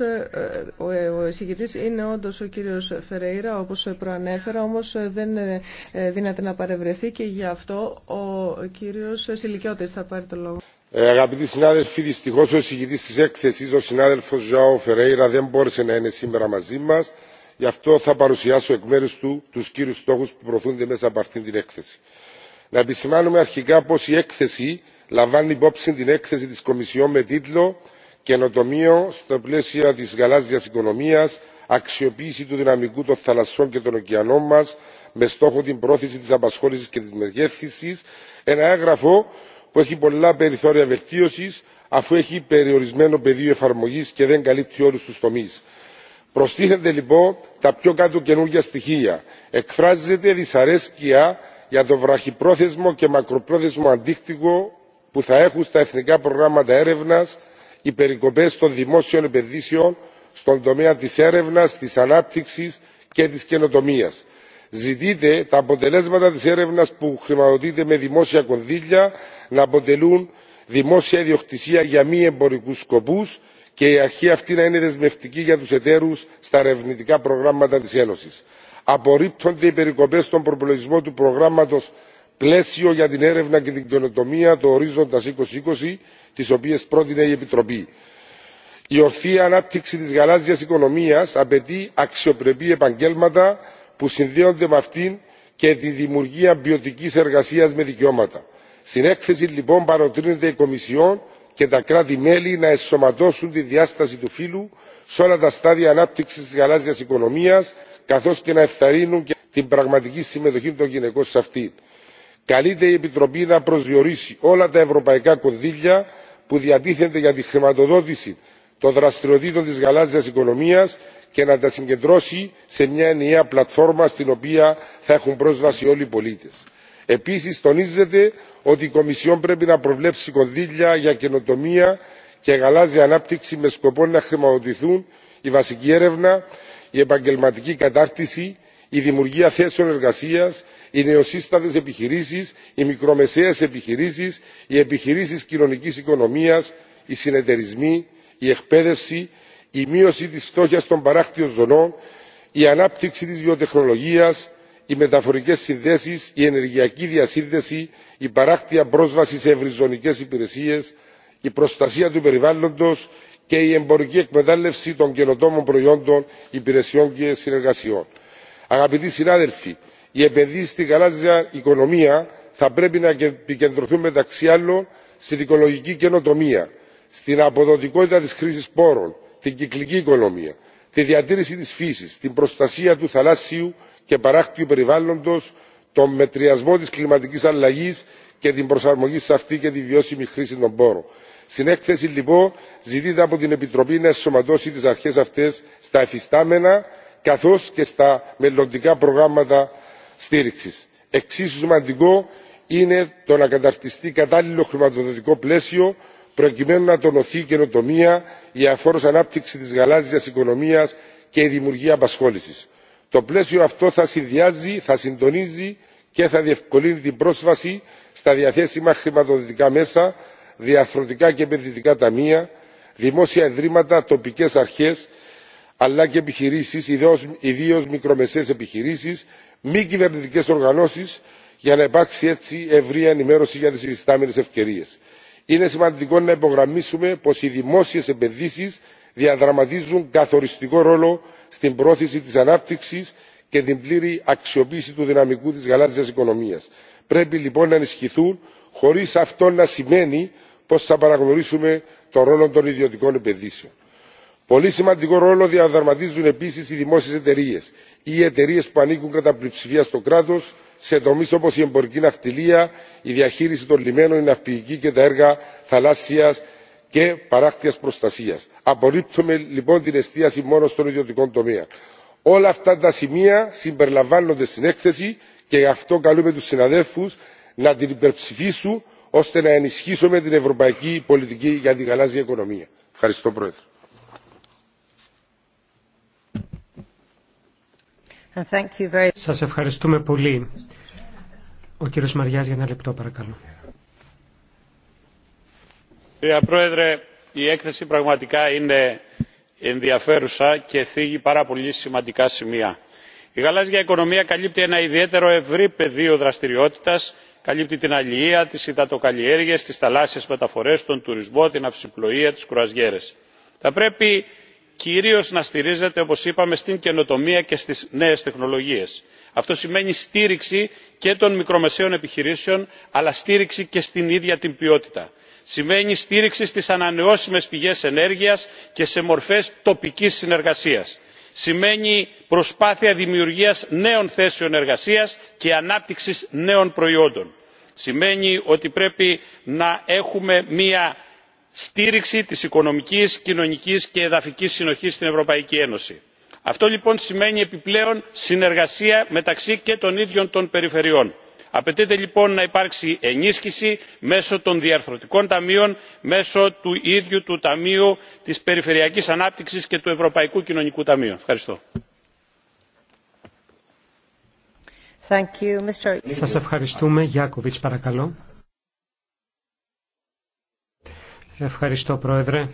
Ε, ε, ο εισηγητής είναι όντως ο κύριος Φερέιρα, όπως προανέφερα, όμως ε, δεν δύναται να παρευρεθεί και γι' αυτό ο κύριος Σιλικιώτης θα πάρει το λόγο. Ε, αγαπητοί συνάδελφοι, δυστυχώ ο εισηγητή τη έκθεση, ο συνάδελφο Ζωάου Φερέιρα, δεν μπόρεσε να είναι σήμερα μαζί μα. Γι' αυτό θα παρουσιάσω εκ μέρου του του κύριου στόχου που προωθούνται μέσα από αυτήν την έκθεση. Να επισημάνουμε αρχικά πω η έκθεση λαμβάνει υπόψη την έκθεση τη Κομισιόν με τίτλο καινοτομίο στα πλαίσια της γαλάζιας οικονομίας αξιοποίηση του δυναμικού των θαλασσών και των ωκεανών μας με στόχο την πρόθεση της απασχόλησης και της μεγέθυνσης ένα έγγραφο που έχει πολλά περιθώρια βελτίωσης αφού έχει περιορισμένο πεδίο εφαρμογής και δεν καλύπτει όλους τους τομείς. προστίθενται λοιπόν τα πιο κάτω καινούργια στοιχεία. εκφράζεται δυσαρέσκεια για το βραχυπρόθεσμο και μακροπρόθεσμο αντίκτυπο που θα έχουν στα εθνικά προγράμματα έρευνας οι περικοπέ των δημόσιων επενδύσεων στον τομέα της έρευνας, της ανάπτυξης και της καινοτομίας. ζητείτε τα αποτελέσματα της έρευνας που χρηματοδοτείται με δημόσια κονδύλια να αποτελούν δημόσια ιδιοκτησία για μη εμπορικού σκοπού και η αρχή αυτή να είναι δεσμευτική για τους εταίρους στα ερευνητικά προγράμματα τη ένωση. απορρίπτονται οι περικοπέ στον προπολογισμό του προγράμματο πλαίσιο για την έρευνα και την καινοτομία του ορίζοντα 2020, τις οποίες τι οποίε πρότεινε η επιτροπή. η ορθή ανάπτυξη τη γαλάζια οικονομία απαιτεί αξιοπρεπή επαγγέλματα που συνδέονται με αυτήν και τη δημιουργία ποιοτική εργασία με δικαιώματα. στην έκθεση λοιπόν παροτρύνεται η κομισιόν και τα κράτη μέλη να εσωματώσουν τη διάσταση του φύλου σε όλα τα στάδια ανάπτυξη τη γαλάζια οικονομία καθώ και να και την πραγματική συμμετοχή των γυναικών σε αυτήν καλείται η επιτροπή να προσδιορίσει όλα τα ευρωπαϊκά κονδύλια που διατίθενται για τη χρηματοδότηση των δραστηριοτήτων της γαλάζιας οικονομίας και να τα συγκεντρώσει σε μια ενιαία πλατφόρμα στην οποία θα έχουν πρόσβαση όλοι οι πολίτες. επίσης τονίζεται ότι η κομισιόν πρέπει να προβλέψει κονδύλια για καινοτομία και γαλάζια ανάπτυξη με σκοπό να χρηματοδοτηθούν η βασική έρευνα η επαγγελματική κατάρτιση η δημιουργία θέσεων εργασίας οι νεοσύστατες επιχειρήσεις οι μικρομεσαίες επιχειρήσεις οι επιχειρήσεις κοινωνικής οικονομίας οι συνεταιρισμοί η εκπαίδευση η μείωση της φτώχειας των παράκτιων ζωνών η ανάπτυξη της βιοτεχνολογίας οι μεταφορικές συνδέσεις η ενεργειακή διασύνδεση η παράκτια πρόσβαση σε ευρυζωνικές υπηρεσίες η προστασία του περιβάλλοντος και η εμπορική εκμετάλλευση των καινοτόμων προϊόντων υπηρεσιών και συνεργασιών. αγαπητοί συνάδελφοι οι επενδύσει στην γαλάζια οικονομία θα πρέπει να επικεντρωθούν μεταξύ άλλων στην οικολογική καινοτομία στην αποδοτικότητα της χρήσης πόρων την κυκλική οικονομία τη διατήρηση της φύσης την προστασία του θαλάσσιου και παράκτιου περιβάλλοντος τον μετριασμό της κλιματικής αλλαγής και την προσαρμογή σε αυτή και τη βιώσιμη χρήση των πόρων. Στην έκθεση λοιπόν ζητείται από την Επιτροπή να ενσωματώσει τις αρχές αυτές στα εφιστάμενα καθώς και στα μελλοντικά προγράμματα στήριξη. εξίσου σημαντικό είναι το να καταρτιστεί κατάλληλο χρηματοδοτικό πλαίσιο προκειμένου να τονωθεί η καινοτομία η αφόρος ανάπτυξη της γαλάζιας οικονομίας και η δημιουργία απασχόλησης. το πλαίσιο αυτό θα συνδυάζει θα συντονίζει και θα διευκολύνει την πρόσβαση στα διαθέσιμα χρηματοδοτικά μέσα διαρθρωτικά και επενδυτικά ταμεία δημόσια ιδρύματα τοπικές αρχές αλλά και επιχειρήσει ιδίω μικρομεσαίες επιχειρήσει μη κυβερνητικέ οργανώσεις, για να υπάρξει έτσι ευρεία ενημέρωση για τις υφιστάμενες ευκαιρίες. είναι σημαντικό να υπογραμμίσουμε πως οι δημόσιες επενδύσεις διαδραματίζουν καθοριστικό ρόλο στην πρόθεση της ανάπτυξης και την πλήρη αξιοποίηση του δυναμικού της γαλάζιας οικονομίας. πρέπει λοιπόν να ενισχυθούν χωρίς αυτό να σημαίνει πως θα παραγνωρίσουμε τον ρόλο των ιδιωτικών επενδύσεων πολύ σημαντικό ρόλο διαδραματίζουν επίση οι δημόσιε εταιρείε ή οι εταιρείε που ανήκουν κατά πλειοψηφία στο κράτο σε τομεί όπω η εμπορική ναυτιλία η διαχείριση των λιμένων η ναυπηγική και τα έργα θαλάσσια και παράκτεια προστασία. απορρίπτουμε λοιπόν την εστίαση μόνο στον ιδιωτικό τομέα. όλα αυτά τα σημεία συμπεριλαμβάνονται στην έκθεση και γι' αυτό καλούμε του συναδέλφου να την υπερψηφίσουν ώστε να ενισχύσουμε την ευρωπαϊκή πολιτική για τη γαλάζια οικονομία. ευχαριστώ πρόεδρε. Σας ευχαριστούμε πολύ. Ο κύριος Μαριάς για ένα λεπτό παρακαλώ. Κύριε Πρόεδρε, η έκθεση πραγματικά είναι ενδιαφέρουσα και θίγει πάρα πολύ σημαντικά σημεία. Η γαλάζια οικονομία καλύπτει ένα ιδιαίτερο ευρύ πεδίο δραστηριότητας, καλύπτει την αλληλεία, τις υδατοκαλλιέργειες, τις θαλάσσιες μεταφορές, τον τουρισμό, την αυσιπλοεία, τις κρουαζιέρε. Θα πρέπει κυρίως να στηρίζεται όπως είπαμε στην καινοτομία και στις νέες τεχνολογίες. αυτό σημαίνει στήριξη και των μικρομεσαίων επιχειρήσεων αλλά στήριξη και στην ίδια την ποιότητα. σημαίνει στήριξη στις ανανεώσιμες πηγές ενέργειας και σε μορφές τοπικής συνεργασίας. σημαίνει προσπάθεια δημιουργίας νέων θέσεων εργασίας και ανάπτυξης νέων προϊόντων. σημαίνει ότι πρέπει να έχουμε μια στήριξη της οικονομικής κοινωνικής και εδαφικής συνοχής στην ευρωπαϊκή ένωση. αυτό λοιπόν σημαίνει επιπλέον συνεργασία μεταξύ και των ίδιων των περιφερειών. απαιτείται λοιπόν να υπάρξει ενίσχυση μέσω των διαρθρωτικών ταμείων μέσω του ίδιου του ταμείου της περιφερειακής ανάπτυξης και του ευρωπαϊκού κοινωνικού ταμείου. ευχαριστώ. ευχαριστούμε. παρακαλώ. Ευχαριστώ, Πρόεδρε.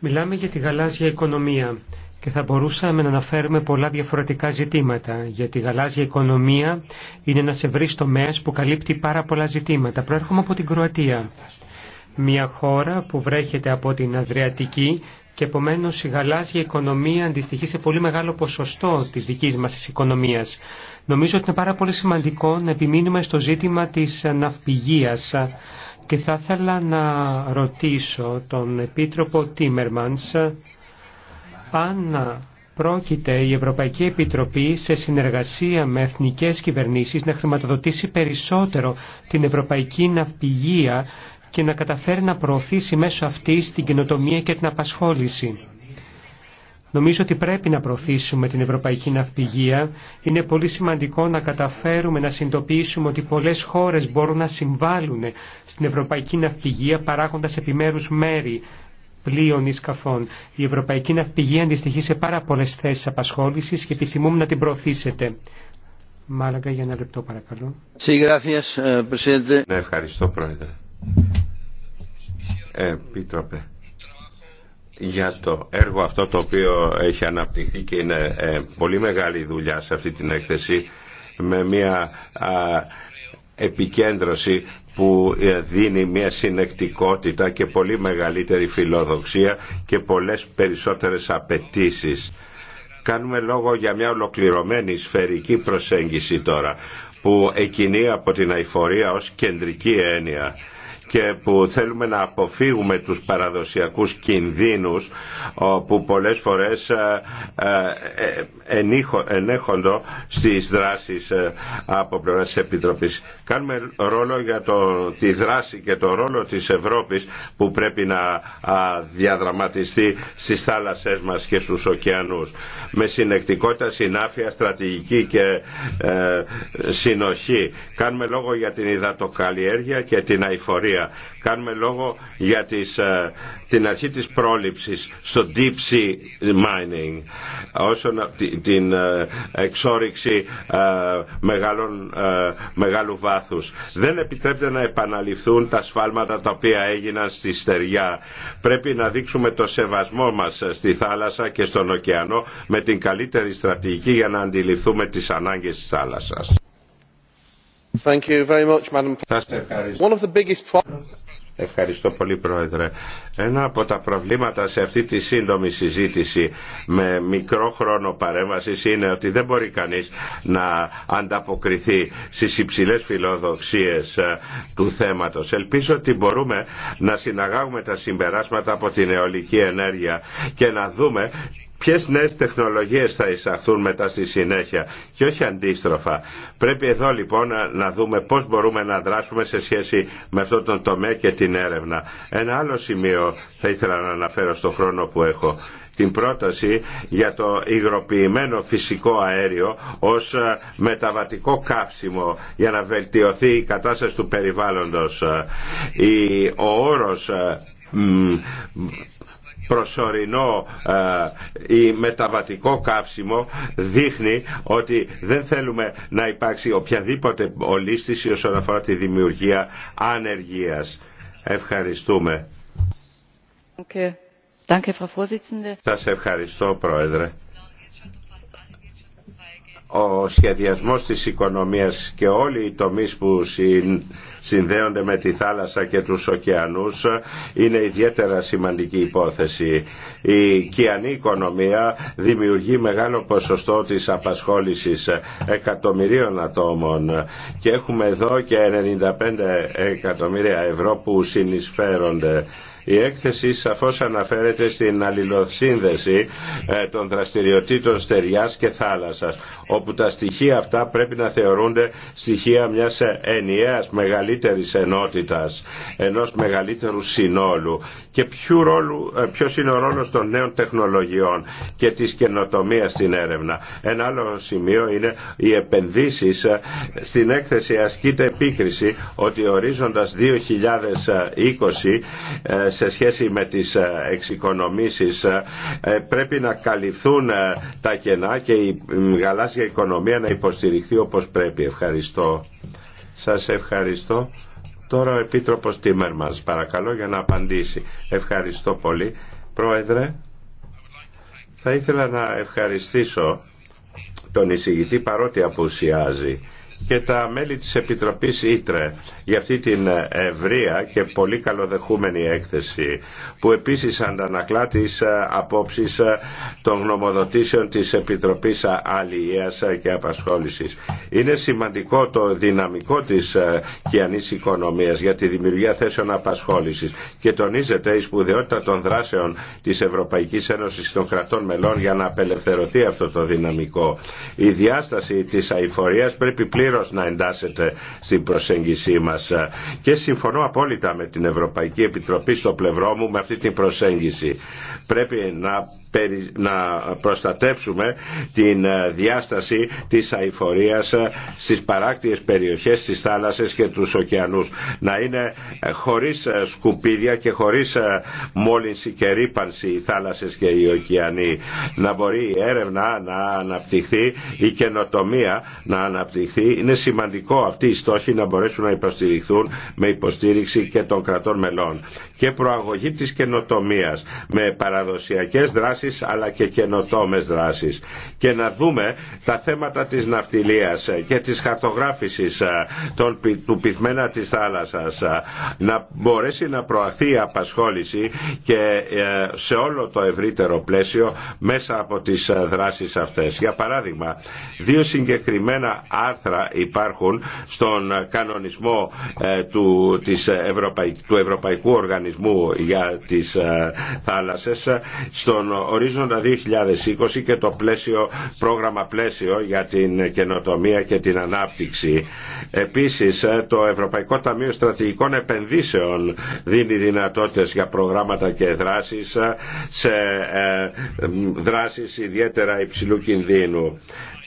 Μιλάμε για τη γαλάζια οικονομία και θα μπορούσαμε να αναφέρουμε πολλά διαφορετικά ζητήματα, γιατί η γαλάζια οικονομία είναι ένας ευρύς τομέας που καλύπτει πάρα πολλά ζητήματα. Προέρχομαι από την Κροατία, μια χώρα που βρέχεται από την Αδριατική και επομένω η γαλάζια οικονομία αντιστοιχεί σε πολύ μεγάλο ποσοστό τη δική μα οικονομία. Νομίζω ότι είναι πάρα πολύ σημαντικό να επιμείνουμε στο ζήτημα της ναυπηγίας και θα ήθελα να ρωτήσω τον Επίτροπο Τίμερμανς αν πρόκειται η Ευρωπαϊκή Επιτροπή σε συνεργασία με εθνικές κυβερνήσεις να χρηματοδοτήσει περισσότερο την Ευρωπαϊκή Ναυπηγία και να καταφέρει να προωθήσει μέσω αυτής την καινοτομία και την απασχόληση. Νομίζω ότι πρέπει να προωθήσουμε την ευρωπαϊκή ναυπηγία. Είναι πολύ σημαντικό να καταφέρουμε να συνειδητοποιήσουμε ότι πολλές χώρες μπορούν να συμβάλλουν στην ευρωπαϊκή ναυπηγία παράγοντας επιμέρους μέρη πλοίων ή σκαφών. Η ευρωπαϊκή ναυπηγία αντιστοιχεί σε πάρα πολλές θέσεις απασχόλησης και επιθυμούμε να την προωθήσετε. Μάλαγκα για ένα λεπτό παρακαλώ. Eh, ναι, ευχαριστώ πρόεδρε. Επίτροπε για το έργο αυτό το οποίο έχει αναπτυχθεί και είναι ε, πολύ μεγάλη δουλειά σε αυτή την έκθεση με μια επικέντρωση που ε, δίνει μια συνεκτικότητα και πολύ μεγαλύτερη φιλοδοξία και πολλές περισσότερες απαιτήσει. Κάνουμε λόγο για μια ολοκληρωμένη σφαιρική προσέγγιση τώρα που εκινεί από την αηφορία ως κεντρική έννοια και που θέλουμε να αποφύγουμε τους παραδοσιακούς κινδύνους που πολλές φορές ε, ε, ενέχονται στις δράσεις ε, από πλευρά της Επιτροπής. Κάνουμε ρόλο για το, τη δράση και το ρόλο της Ευρώπης που πρέπει να διαδραματιστεί στις θάλασσές μας και στους ωκεανούς. Με συνεκτικότητα, συνάφεια, στρατηγική και συνοχή. Κάνουμε λόγο για την υδατοκαλλιέργεια και την αηφορία Κάνουμε λόγο για τις, ε, την αρχή της πρόληψης στο deep sea mining όσον την ε, εξόριξη ε, μεγάλων, μεγάλου βάθους. Δεν επιτρέπεται να επαναληφθούν τα σφάλματα τα οποία έγιναν στη στεριά. Πρέπει να δείξουμε το σεβασμό μας στη θάλασσα και στον ωκεανό με την καλύτερη στρατηγική για να αντιληφθούμε τις ανάγκες της θάλασσας. Ευχαριστώ. πολύ Πρόεδρε. Ένα από τα προβλήματα σε αυτή τη σύντομη συζήτηση με μικρό χρόνο παρέμβαση είναι ότι δεν μπορεί κανείς να ανταποκριθεί στις υψηλές φιλοδοξίες ε, του θέματος. Ελπίζω ότι μπορούμε να συναγάγουμε τα συμπεράσματα από την αιωλική ενέργεια και να δούμε ποιες νέες τεχνολογίες θα εισαχθούν μετά στη συνέχεια και όχι αντίστροφα. Πρέπει εδώ λοιπόν να δούμε πώς μπορούμε να δράσουμε σε σχέση με αυτόν τον τομέα και την έρευνα. Ένα άλλο σημείο θα ήθελα να αναφέρω στον χρόνο που έχω την πρόταση για το υγροποιημένο φυσικό αέριο ως ε, μεταβατικό καύσιμο για να βελτιωθεί η κατάσταση του περιβάλλοντος. Ε, ο όρος ε, προσωρινό ή ε, μεταβατικό καύσιμο δείχνει ότι δεν θέλουμε να υπάρξει οποιαδήποτε ολίσθηση όσον αφορά τη δημιουργία ανεργίας. Ευχαριστούμε. σα ευχαριστώ, Πρόεδρε ο σχεδιασμός της οικονομίας και όλοι οι τομείς που συνδέονται με τη θάλασσα και τους ωκεανούς είναι ιδιαίτερα σημαντική υπόθεση. Η κιανή οικονομία δημιουργεί μεγάλο ποσοστό της απασχόλησης εκατομμυρίων ατόμων και έχουμε εδώ και 95 εκατομμύρια ευρώ που συνεισφέρονται η έκθεση σαφώς αναφέρεται στην αλληλοσύνδεση ε, των δραστηριοτήτων στεριάς και θάλασσας, όπου τα στοιχεία αυτά πρέπει να θεωρούνται στοιχεία μιας ε, ενιαίας μεγαλύτερης ενότητας, ενός μεγαλύτερου συνόλου. Και ποιο ε, ποιος είναι ο ρόλος των νέων τεχνολογιών και της καινοτομία στην έρευνα. Ένα άλλο σημείο είναι οι επενδύσεις. Στην έκθεση ασκείται επίκριση ότι ορίζοντας 2020 σε σχέση με τις ε, εξοικονομήσεις ε, ε, πρέπει να καλυφθούν τα κενά και η γαλάζια οικονομία να υποστηριχθεί όπως πρέπει. Ευχαριστώ. Σας ευχαριστώ. Τώρα ο Επίτροπος Τίμερ μας παρακαλώ για να απαντήσει. Ευχαριστώ πολύ. Πρόεδρε, θα ήθελα να ευχαριστήσω τον εισηγητή παρότι απουσιάζει και τα μέλη της Επιτροπής Ήτρε για αυτή την ευρεία και πολύ καλοδεχούμενη έκθεση που επίσης αντανακλά τις ε, απόψεις ε, των γνωμοδοτήσεων της Επιτροπής Αλληλείας και Απασχόλησης. Είναι σημαντικό το δυναμικό της ε, κοιανής οικονομίας για τη δημιουργία θέσεων απασχόλησης και τονίζεται η σπουδαιότητα των δράσεων της Ευρωπαϊκής Ένωσης των κρατών μελών για να απελευθερωθεί αυτό το δυναμικό. Η διάσταση της πρέπει πλήρω να εντάσσεται στην προσέγγισή μα. και συμφωνώ απόλυτα με την Ευρωπαϊκή Επιτροπή στο πλευρό μου με αυτή την προσέγγιση. Πρέπει να να προστατεύσουμε την ε, διάσταση της αηφορίας ε, στις παράκτιες περιοχές, στις θάλασσες και τους ωκεανούς. Να είναι ε, χωρίς σκουπίδια και χωρίς μόλυνση και ρήπανση οι θάλασσες και οι ωκεανοί. Να μπορεί η έρευνα να αναπτυχθεί, η καινοτομία να αναπτυχθεί. Είναι σημαντικό αυτή η στόχοι να μπορέσουν να υποστηριχθούν με υποστήριξη και των κρατών μελών. Και προαγωγή της καινοτομίας με παραδοσιακές αλλά και καινοτόμες δράσεις και να δούμε τα θέματα της ναυτιλίας και της χαρτογράφησης ε, του πυθμένα της θάλασσας ε, να μπορέσει να προαχθεί η απασχόληση και ε, σε όλο το ευρύτερο πλαίσιο μέσα από τις δράσεις αυτές. Για παράδειγμα, δύο συγκεκριμένα άρθρα υπάρχουν στον κανονισμό του, της του Ευρωπαϊκού Οργανισμού για τις θάλασσες στον ορίζοντα 2020 και το πλαίσιο, πρόγραμμα πλαίσιο για την καινοτομία και την ανάπτυξη. Επίσης το Ευρωπαϊκό Ταμείο Στρατηγικών Επενδύσεων δίνει δυνατότητες για προγράμματα και δράσεις σε ε, δράσεις ιδιαίτερα υψηλού κινδύνου.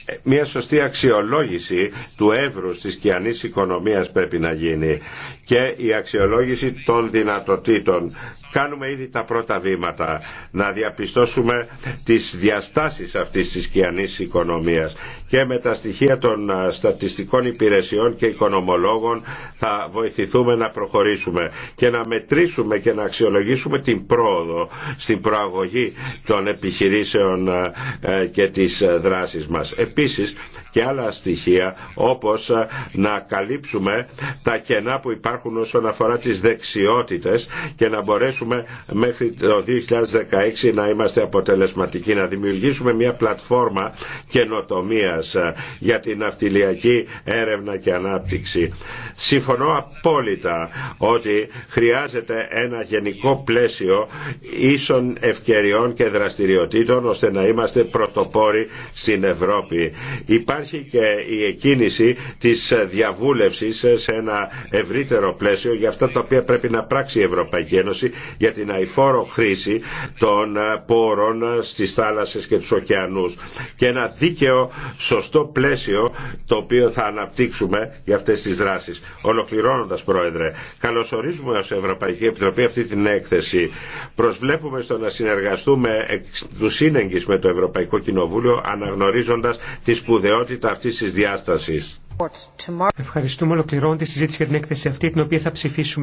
Ε, μια σωστή αξιολόγηση του εύρους της κιανής οικονομίας πρέπει να γίνει και η αξιολόγηση των δυνατοτήτων. Κάνουμε ήδη τα πρώτα βήματα να διαπιστώσουμε τις διαστάσεις αυτής της κιανής οικονομίας και με τα στοιχεία των στατιστικών υπηρεσιών και οικονομολόγων θα βοηθηθούμε να προχωρήσουμε και να μετρήσουμε και να αξιολογήσουμε την πρόοδο στην προαγωγή των επιχειρήσεων ε, και της ε, δράσης μας επίσης και άλλα στοιχεία όπως ε, να καλύψουμε τα κενά που υπάρχουν όσον αφορά τις δεξιότητες και να μπορέσουμε μέχρι το 2016 να είμαστε αποτελεσματικοί, να δημιουργήσουμε μια πλατφόρμα καινοτομίας ε, για την ναυτιλιακή έρευνα και ανάπτυξη. Συμφωνώ απόλυτα ότι χρειάζεται ένα γενικό πλαίσιο ίσων ευκαιριών και δραστηριοτήτων ώστε να είμαστε πρωτοπόροι στην Ευρώπη Υπάρχει και η εκκίνηση της διαβούλευσης σε ένα ευρύτερο πλαίσιο για αυτά τα οποία πρέπει να πράξει η Ευρωπαϊκή Ένωση για την αηφόρο χρήση των πόρων στις θάλασσες και τους ωκεανούς και ένα δίκαιο σωστό πλαίσιο το οποίο θα αναπτύξουμε για αυτές τις δράσεις. Ολοκληρώνοντας Πρόεδρε, καλωσορίζουμε ως Ευρωπαϊκή Επιτροπή αυτή την έκθεση. Προσβλέπουμε στο να συνεργαστούμε του σύνεγγυς με το Ευρωπαϊκό Κοινοβούλιο αναγνωρίζοντας τη σπουδαιότητα αυτή τη διάσταση. Ευχαριστούμε. ολοκληρώνοντα τη συζήτηση για την έκθεση αυτή, την οποία θα ψηφίσουμε.